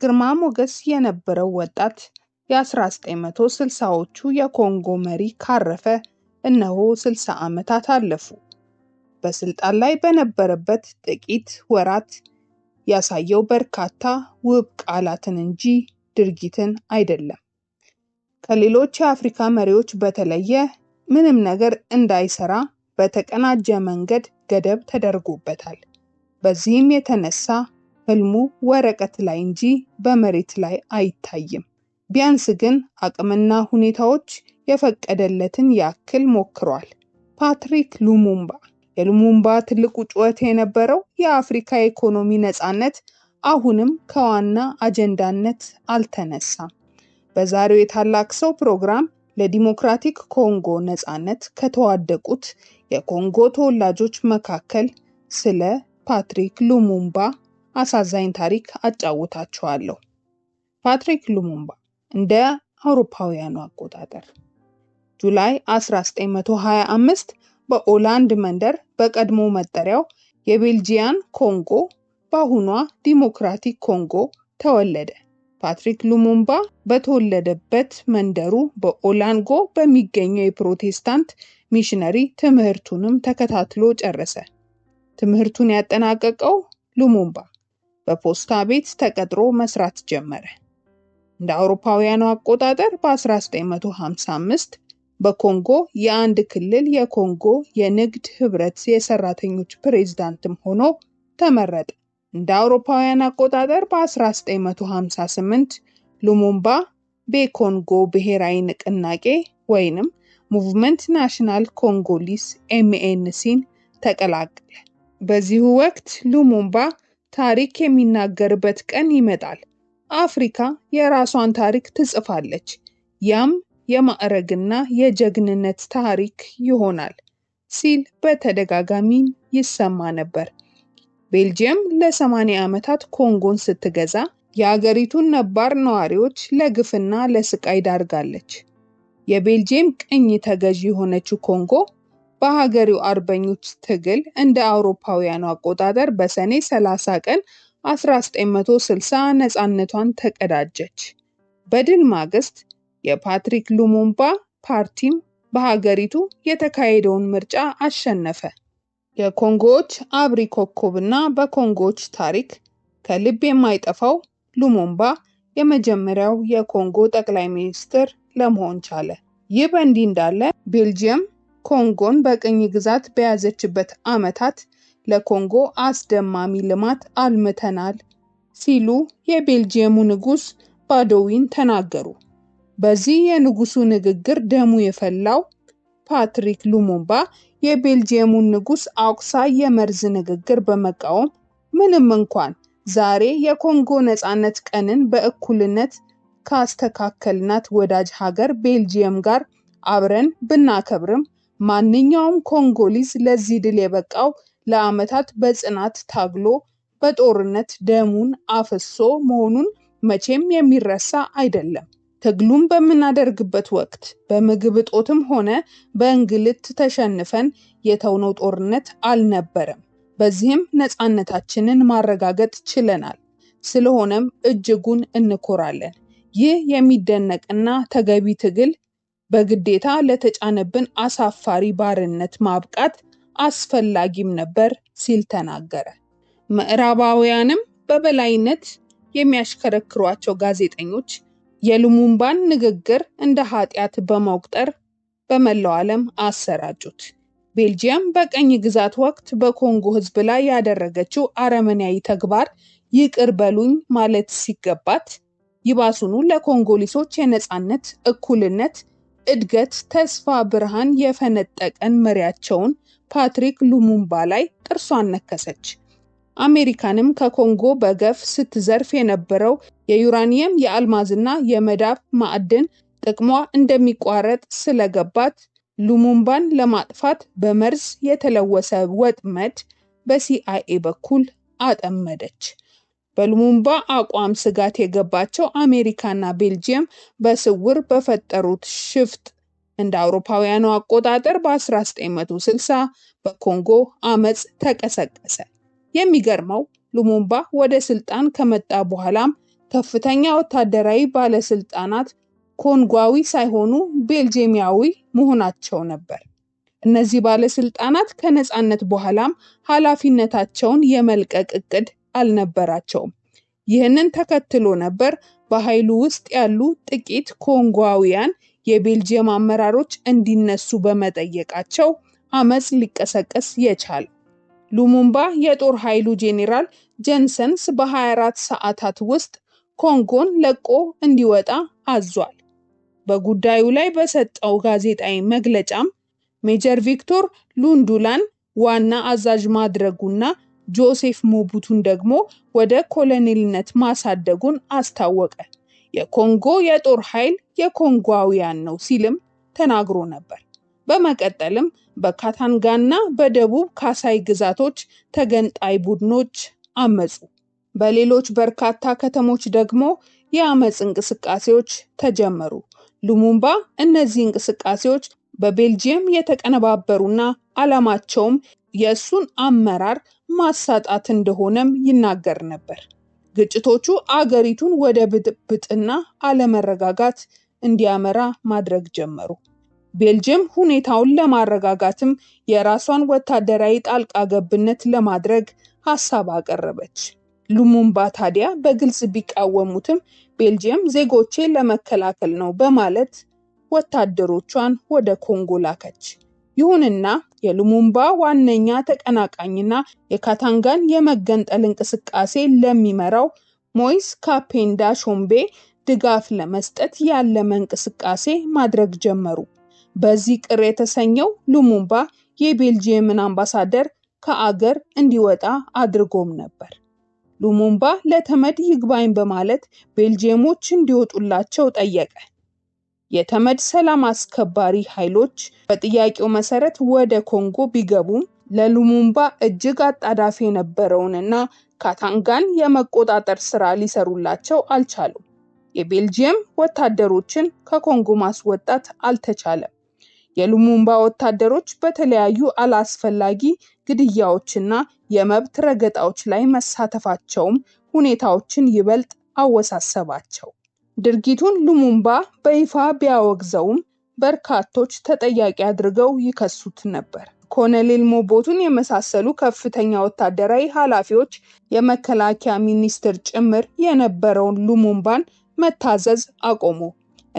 ግርማ ሞገስ የነበረው ወጣት የ1960ዎቹ የኮንጎ መሪ ካረፈ እነሆ 60 ዓመታት አለፉ። በስልጣን ላይ በነበረበት ጥቂት ወራት ያሳየው በርካታ ውብ ቃላትን እንጂ ድርጊትን አይደለም። ከሌሎች የአፍሪካ መሪዎች በተለየ ምንም ነገር እንዳይሰራ በተቀናጀ መንገድ ገደብ ተደርጎበታል። በዚህም የተነሳ ህልሙ ወረቀት ላይ እንጂ በመሬት ላይ አይታይም። ቢያንስ ግን አቅምና ሁኔታዎች የፈቀደለትን ያክል ሞክሯል። ፓትሪክ ሉሙምባ የሉሙምባ ትልቁ ጩኸት የነበረው የአፍሪካ ኢኮኖሚ ነፃነት አሁንም ከዋና አጀንዳነት አልተነሳም። በዛሬው የታላቅ ሰው ፕሮግራም ለዲሞክራቲክ ኮንጎ ነፃነት ከተዋደቁት የኮንጎ ተወላጆች መካከል ስለ ፓትሪክ ሉሙምባ አሳዛኝ ታሪክ አጫውታችኋለሁ። ፓትሪክ ሉሙምባ እንደ አውሮፓውያኑ አቆጣጠር ጁላይ 1925 በኦላንድ መንደር በቀድሞ መጠሪያው የቤልጂያን ኮንጎ በአሁኗ ዲሞክራቲክ ኮንጎ ተወለደ። ፓትሪክ ሉሙምባ በተወለደበት መንደሩ በኦላንጎ በሚገኘው የፕሮቴስታንት ሚሽነሪ ትምህርቱንም ተከታትሎ ጨረሰ። ትምህርቱን ያጠናቀቀው ሉሙምባ በፖስታ ቤት ተቀጥሮ መስራት ጀመረ። እንደ አውሮፓውያኑ አቆጣጠር በ1955 በኮንጎ የአንድ ክልል የኮንጎ የንግድ ህብረት የሰራተኞች ፕሬዝዳንትም ሆኖ ተመረጠ። እንደ አውሮፓውያን አቆጣጠር በ1958 ሉሙምባ ቤኮንጎ ብሔራዊ ንቅናቄ ወይንም ሙቭመንት ናሽናል ኮንጎሊስ ኤምኤንሲን ተቀላቀለ። በዚሁ ወቅት ሉሙምባ ታሪክ የሚናገርበት ቀን ይመጣል። አፍሪካ የራሷን ታሪክ ትጽፋለች። ያም የማዕረግና የጀግንነት ታሪክ ይሆናል ሲል በተደጋጋሚ ይሰማ ነበር። ቤልጅየም ለ80 ዓመታት ኮንጎን ስትገዛ የአገሪቱን ነባር ነዋሪዎች ለግፍና ለስቃይ ዳርጋለች። የቤልጅየም ቅኝ ተገዢ የሆነችው ኮንጎ በሀገሬው አርበኞች ትግል እንደ አውሮፓውያኑ አቆጣጠር በሰኔ 30 ቀን 1960 ነፃነቷን ተቀዳጀች። በድል ማግስት የፓትሪክ ሉሙምባ ፓርቲም በሀገሪቱ የተካሄደውን ምርጫ አሸነፈ። የኮንጎዎች አብሪ ና በኮንጎዎች ታሪክ ከልብ የማይጠፋው ሉሙምባ የመጀመሪያው የኮንጎ ጠቅላይ ሚኒስትር ለመሆን ቻለ። ይህ በእንዲህ እንዳለ ቤልጅየም ኮንጎን በቅኝ ግዛት በያዘችበት ዓመታት ለኮንጎ አስደማሚ ልማት አልምተናል ሲሉ የቤልጅየሙ ንጉስ ባዶዊን ተናገሩ። በዚህ የንጉሱ ንግግር ደሙ የፈላው ፓትሪክ ሉሙምባ የቤልጅየሙን ንጉስ አቁሳይ የመርዝ ንግግር በመቃወም ምንም እንኳን ዛሬ የኮንጎ ነፃነት ቀንን በእኩልነት ካስተካከልናት ወዳጅ ሀገር ቤልጅየም ጋር አብረን ብናከብርም ማንኛውም ኮንጎሊዝ ለዚህ ድል የበቃው ለዓመታት በጽናት ታግሎ በጦርነት ደሙን አፍሶ መሆኑን መቼም የሚረሳ አይደለም። ትግሉን በምናደርግበት ወቅት በምግብ እጦትም ሆነ በእንግልት ተሸንፈን የተውነው ጦርነት አልነበረም። በዚህም ነፃነታችንን ማረጋገጥ ችለናል። ስለሆነም እጅጉን እንኮራለን። ይህ የሚደነቅና ተገቢ ትግል በግዴታ ለተጫነብን አሳፋሪ ባርነት ማብቃት አስፈላጊም ነበር ሲል ተናገረ። ምዕራባውያንም በበላይነት የሚያሽከረክሯቸው ጋዜጠኞች የሉሙምባን ንግግር እንደ ኃጢአት በመቁጠር በመላው ዓለም አሰራጩት። ቤልጂየም በቀኝ ግዛት ወቅት በኮንጎ ሕዝብ ላይ ያደረገችው አረመኔያዊ ተግባር ይቅር በሉኝ ማለት ሲገባት ይባሱኑ ለኮንጎሊሶች የነፃነት፣ እኩልነት፣ እድገት ተስፋ ብርሃን የፈነጠቀን መሪያቸውን ፓትሪክ ሉሙምባ ላይ ጥርሷን ነከሰች። አሜሪካንም ከኮንጎ በገፍ ስትዘርፍ የነበረው የዩራኒየም የአልማዝና የመዳብ ማዕድን ጥቅሟ እንደሚቋረጥ ስለገባት ሉሙምባን ለማጥፋት በመርዝ የተለወሰ ወጥመድ በሲአይኤ በኩል አጠመደች። በሉሙምባ አቋም ስጋት የገባቸው አሜሪካና ቤልጅየም በስውር በፈጠሩት ሽፍጥ እንደ አውሮፓውያኑ አቆጣጠር በ1960 በኮንጎ አመፅ ተቀሰቀሰ። የሚገርመው ሉሙምባ ወደ ስልጣን ከመጣ በኋላም ከፍተኛ ወታደራዊ ባለስልጣናት ኮንጓዊ ሳይሆኑ ቤልጅየሚያዊ መሆናቸው ነበር። እነዚህ ባለስልጣናት ከነፃነት በኋላም ኃላፊነታቸውን የመልቀቅ እቅድ አልነበራቸውም። ይህንን ተከትሎ ነበር በኃይሉ ውስጥ ያሉ ጥቂት ኮንጓውያን የቤልጅየም አመራሮች እንዲነሱ በመጠየቃቸው አመፅ ሊቀሰቀስ የቻለው። ሉሙምባ የጦር ኃይሉ ጄኔራል ጀንሰንስ በ24 ሰዓታት ውስጥ ኮንጎን ለቆ እንዲወጣ አዟል። በጉዳዩ ላይ በሰጠው ጋዜጣዊ መግለጫም ሜጀር ቪክቶር ሉንዱላን ዋና አዛዥ ማድረጉና ጆሴፍ ሞቡቱን ደግሞ ወደ ኮሎኔልነት ማሳደጉን አስታወቀ። የኮንጎ የጦር ኃይል የኮንጓውያን ነው ሲልም ተናግሮ ነበር። በመቀጠልም በካታንጋና በደቡብ ካሳይ ግዛቶች ተገንጣይ ቡድኖች አመፁ። በሌሎች በርካታ ከተሞች ደግሞ የአመፅ እንቅስቃሴዎች ተጀመሩ። ሉሙምባ እነዚህ እንቅስቃሴዎች በቤልጅየም የተቀነባበሩና ዓላማቸውም የእሱን አመራር ማሳጣት እንደሆነም ይናገር ነበር። ግጭቶቹ አገሪቱን ወደ ብጥብጥና አለመረጋጋት እንዲያመራ ማድረግ ጀመሩ። ቤልጅየም ሁኔታውን ለማረጋጋትም የራሷን ወታደራዊ ጣልቃ ገብነት ለማድረግ ሀሳብ አቀረበች። ሉሙምባ ታዲያ በግልጽ ቢቃወሙትም ቤልጅየም ዜጎቼ ለመከላከል ነው በማለት ወታደሮቿን ወደ ኮንጎ ላከች። ይሁንና የሉሙምባ ዋነኛ ተቀናቃኝና የካታንጋን የመገንጠል እንቅስቃሴ ለሚመራው ሞይስ ካፔንዳ ሾምቤ ድጋፍ ለመስጠት ያለመ እንቅስቃሴ ማድረግ ጀመሩ። በዚህ ቅር የተሰኘው ሉሙምባ የቤልጂየምን አምባሳደር ከአገር እንዲወጣ አድርጎም ነበር። ሉሙምባ ለተመድ ይግባኝ በማለት ቤልጂየሞች እንዲወጡላቸው ጠየቀ። የተመድ ሰላም አስከባሪ ኃይሎች በጥያቄው መሰረት ወደ ኮንጎ ቢገቡም ለሉሙምባ እጅግ አጣዳፊ የነበረውንና ካታንጋን የመቆጣጠር ስራ ሊሰሩላቸው አልቻሉም። የቤልጂየም ወታደሮችን ከኮንጎ ማስወጣት አልተቻለም። የሉሙምባ ወታደሮች በተለያዩ አላስፈላጊ ግድያዎችና የመብት ረገጣዎች ላይ መሳተፋቸውም ሁኔታዎችን ይበልጥ አወሳሰባቸው። ድርጊቱን ሉሙምባ በይፋ ቢያወግዘውም በርካቶች ተጠያቂ አድርገው ይከሱት ነበር። ኮሎኔል ሞቦቱን የመሳሰሉ ከፍተኛ ወታደራዊ ኃላፊዎች የመከላከያ ሚኒስትር ጭምር የነበረውን ሉሙምባን መታዘዝ አቆሙ።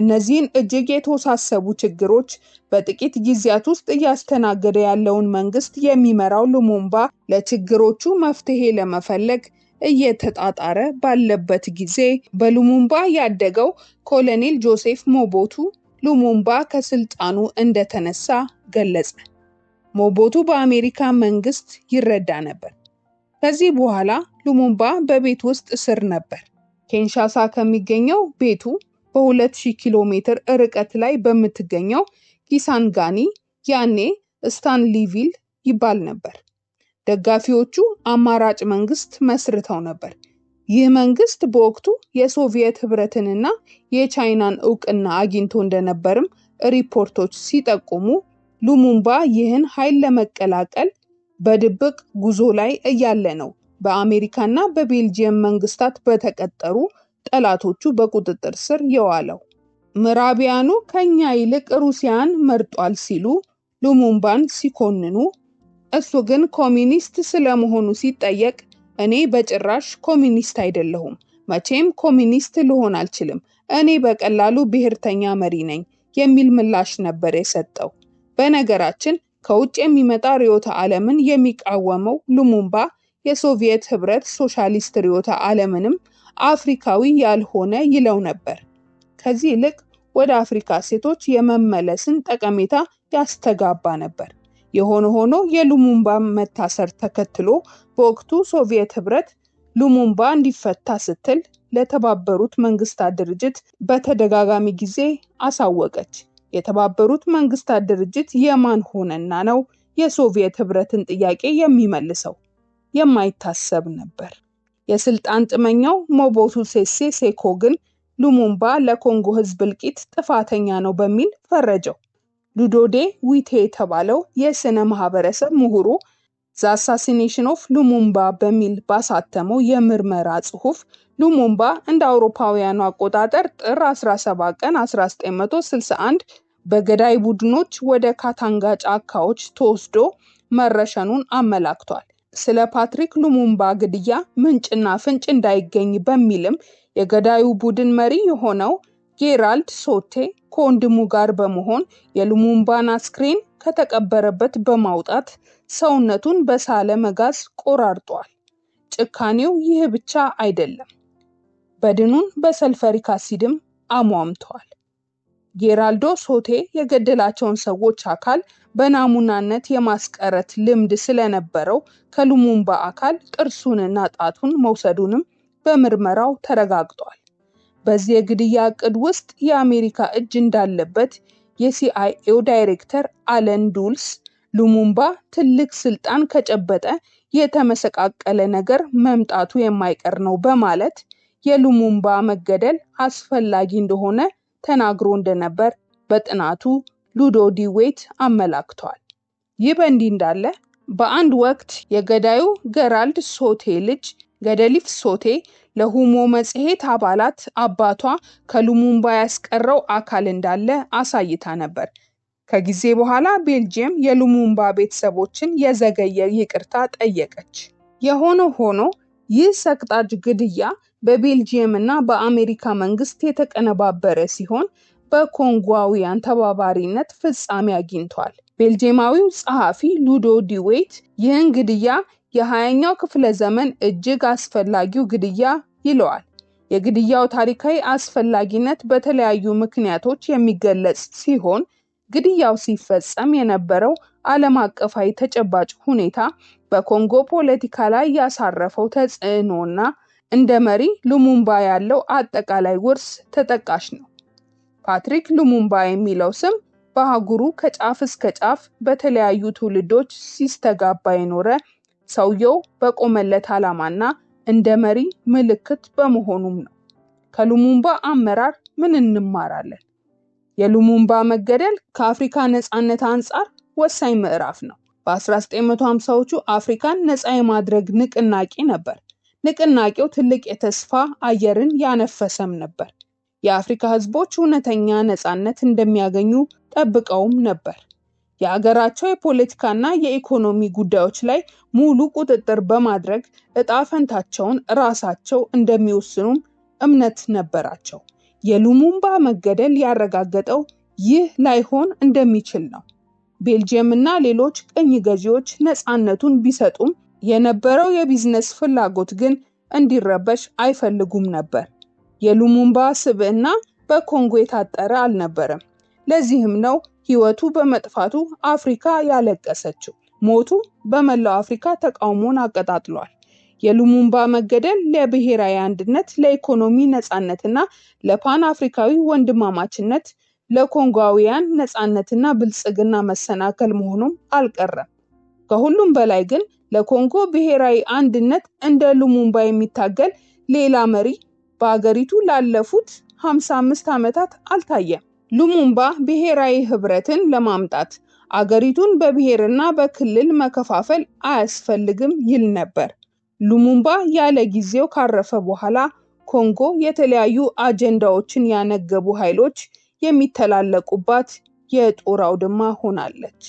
እነዚህን እጅግ የተወሳሰቡ ችግሮች በጥቂት ጊዜያት ውስጥ እያስተናገደ ያለውን መንግስት የሚመራው ሉሙምባ ለችግሮቹ መፍትሄ ለመፈለግ እየተጣጣረ ባለበት ጊዜ በሉሙምባ ያደገው ኮሎኔል ጆሴፍ ሞቦቱ ሉሙምባ ከስልጣኑ እንደተነሳ ገለጸ። ሞቦቱ በአሜሪካ መንግስት ይረዳ ነበር። ከዚህ በኋላ ሉሙምባ በቤት ውስጥ እስር ነበር። ኬንሻሳ ከሚገኘው ቤቱ በ2000 ኪሎ ሜትር ርቀት ላይ በምትገኘው ኪሳንጋኒ ያኔ ስታንሊቪል ይባል ነበር። ደጋፊዎቹ አማራጭ መንግስት መስርተው ነበር። ይህ መንግስት በወቅቱ የሶቪየት ህብረትንና የቻይናን እውቅና አግኝቶ እንደነበርም ሪፖርቶች ሲጠቁሙ፣ ሉሙምባ ይህን ኃይል ለመቀላቀል በድብቅ ጉዞ ላይ እያለ ነው በአሜሪካና በቤልጅየም መንግስታት በተቀጠሩ ጠላቶቹ በቁጥጥር ስር የዋለው። ምዕራቢያኑ ከኛ ይልቅ ሩሲያን መርጧል ሲሉ ሉሙምባን ሲኮንኑ እሱ ግን ኮሚኒስት ስለመሆኑ ሲጠየቅ እኔ በጭራሽ ኮሚኒስት አይደለሁም፣ መቼም ኮሚኒስት ልሆን አልችልም፣ እኔ በቀላሉ ብሔርተኛ መሪ ነኝ የሚል ምላሽ ነበር የሰጠው። በነገራችን ከውጭ የሚመጣ ርዕዮተ ዓለምን የሚቃወመው ሉሙምባ የሶቪየት ህብረት ሶሻሊስት ርዕዮተ ዓለምንም አፍሪካዊ ያልሆነ ይለው ነበር። ከዚህ ይልቅ ወደ አፍሪካ ሴቶች የመመለስን ጠቀሜታ ያስተጋባ ነበር። የሆነ ሆኖ የሉሙምባ መታሰር ተከትሎ በወቅቱ ሶቪየት ህብረት ሉሙምባ እንዲፈታ ስትል ለተባበሩት መንግስታት ድርጅት በተደጋጋሚ ጊዜ አሳወቀች። የተባበሩት መንግስታት ድርጅት የማን ሆነና ነው የሶቪየት ህብረትን ጥያቄ የሚመልሰው? የማይታሰብ ነበር። የስልጣን ጥመኛው ሞቦቱ ሴሴ ሴኮ ግን ሉሙምባ ለኮንጎ ህዝብ እልቂት ጥፋተኛ ነው በሚል ፈረጀው። ሉዶዴ ዊቴ የተባለው የስነ ማህበረሰብ ምሁሩ ዘ አሳሲኔሽን ኦፍ ሉሙምባ በሚል ባሳተመው የምርመራ ጽሑፍ ሉሙምባ እንደ አውሮፓውያኑ አቆጣጠር ጥር 17 ቀን 1961 በገዳይ ቡድኖች ወደ ካታንጋ ጫካዎች ተወስዶ መረሸኑን አመላክቷል። ስለ ፓትሪክ ሉሙምባ ግድያ ምንጭና ፍንጭ እንዳይገኝ በሚልም የገዳዩ ቡድን መሪ የሆነው ጌራልድ ሶቴ ከወንድሙ ጋር በመሆን የሉሙምባን አስክሬን ከተቀበረበት በማውጣት ሰውነቱን በሳለ መጋዝ ቆራርጧል። ጭካኔው ይህ ብቻ አይደለም፤ በድኑን በሰልፈሪክ አሲድም አሟምተዋል። ጌራልዶ ሶቴ የገደላቸውን ሰዎች አካል በናሙናነት የማስቀረት ልምድ ስለነበረው ከሉሙምባ አካል ጥርሱንና ጣቱን መውሰዱንም በምርመራው ተረጋግጧል። በዚህ የግድያ እቅድ ውስጥ የአሜሪካ እጅ እንዳለበት የሲአይኤው ዳይሬክተር አለን ዱልስ ሉሙምባ ትልቅ ስልጣን ከጨበጠ የተመሰቃቀለ ነገር መምጣቱ የማይቀር ነው በማለት የሉሙምባ መገደል አስፈላጊ እንደሆነ ተናግሮ እንደነበር በጥናቱ ሉዶ ዲዌት አመላክቷል። ይህ በእንዲህ እንዳለ በአንድ ወቅት የገዳዩ ገራልድ ሶቴ ልጅ ገደሊፍ ሶቴ ለሁሞ መጽሔት አባላት አባቷ ከሉሙምባ ያስቀረው አካል እንዳለ አሳይታ ነበር። ከጊዜ በኋላ ቤልጅየም የሉሙምባ ቤተሰቦችን የዘገየ ይቅርታ ጠየቀች። የሆነ ሆኖ ይህ ሰቅጣጅ ግድያ በቤልጅየም እና በአሜሪካ መንግስት የተቀነባበረ ሲሆን በኮንጓውያን ተባባሪነት ፍጻሜ አግኝቷል። ቤልጅየማዊው ጸሐፊ ሉዶ ዲዌይት ይህን ግድያ የሃያኛው ክፍለ ዘመን እጅግ አስፈላጊው ግድያ ይለዋል። የግድያው ታሪካዊ አስፈላጊነት በተለያዩ ምክንያቶች የሚገለጽ ሲሆን ግድያው ሲፈጸም የነበረው ዓለም አቀፋዊ ተጨባጭ ሁኔታ፣ በኮንጎ ፖለቲካ ላይ ያሳረፈው ተጽዕኖና እንደ መሪ ሉሙምባ ያለው አጠቃላይ ውርስ ተጠቃሽ ነው። ፓትሪክ ሉሙምባ የሚለው ስም በአህጉሩ ከጫፍ እስከ ጫፍ በተለያዩ ትውልዶች ሲስተጋባ የኖረ ሰውየው በቆመለት ዓላማና እንደ መሪ ምልክት በመሆኑም ነው። ከሉሙምባ አመራር ምን እንማራለን? የሉሙምባ መገደል ከአፍሪካ ነፃነት አንጻር ወሳኝ ምዕራፍ ነው። በ1950ዎቹ አፍሪካን ነፃ የማድረግ ንቅናቄ ነበር። ንቅናቄው ትልቅ የተስፋ አየርን ያነፈሰም ነበር። የአፍሪካ ሕዝቦች እውነተኛ ነፃነት እንደሚያገኙ ጠብቀውም ነበር። የአገራቸው የፖለቲካና የኢኮኖሚ ጉዳዮች ላይ ሙሉ ቁጥጥር በማድረግ እጣፈንታቸውን ፈንታቸውን ራሳቸው እንደሚወስኑም እምነት ነበራቸው። የሉሙምባ መገደል ያረጋገጠው ይህ ላይሆን እንደሚችል ነው። እና ሌሎች ቅኝ ገዢዎች ነፃነቱን ቢሰጡም የነበረው የቢዝነስ ፍላጎት ግን እንዲረበሽ አይፈልጉም ነበር። የሉሙምባ ስብዕና በኮንጎ የታጠረ አልነበረም። ለዚህም ነው ሕይወቱ በመጥፋቱ አፍሪካ ያለቀሰችው። ሞቱ በመላው አፍሪካ ተቃውሞን አቀጣጥሏል። የሉሙምባ መገደል ለብሔራዊ አንድነት፣ ለኢኮኖሚ ነፃነትና ለፓን አፍሪካዊ ወንድማማችነት፣ ለኮንጓውያን ነፃነትና ብልጽግና መሰናከል መሆኑም አልቀረም። ከሁሉም በላይ ግን ለኮንጎ ብሔራዊ አንድነት እንደ ሉሙምባ የሚታገል ሌላ መሪ በአገሪቱ ላለፉት 55 ዓመታት አልታየም። ሉሙምባ ብሔራዊ ህብረትን ለማምጣት አገሪቱን በብሔርና በክልል መከፋፈል አያስፈልግም ይል ነበር። ሉሙምባ ያለ ጊዜው ካረፈ በኋላ ኮንጎ የተለያዩ አጀንዳዎችን ያነገቡ ኃይሎች የሚተላለቁባት የጦር አውድማ ሆናለች።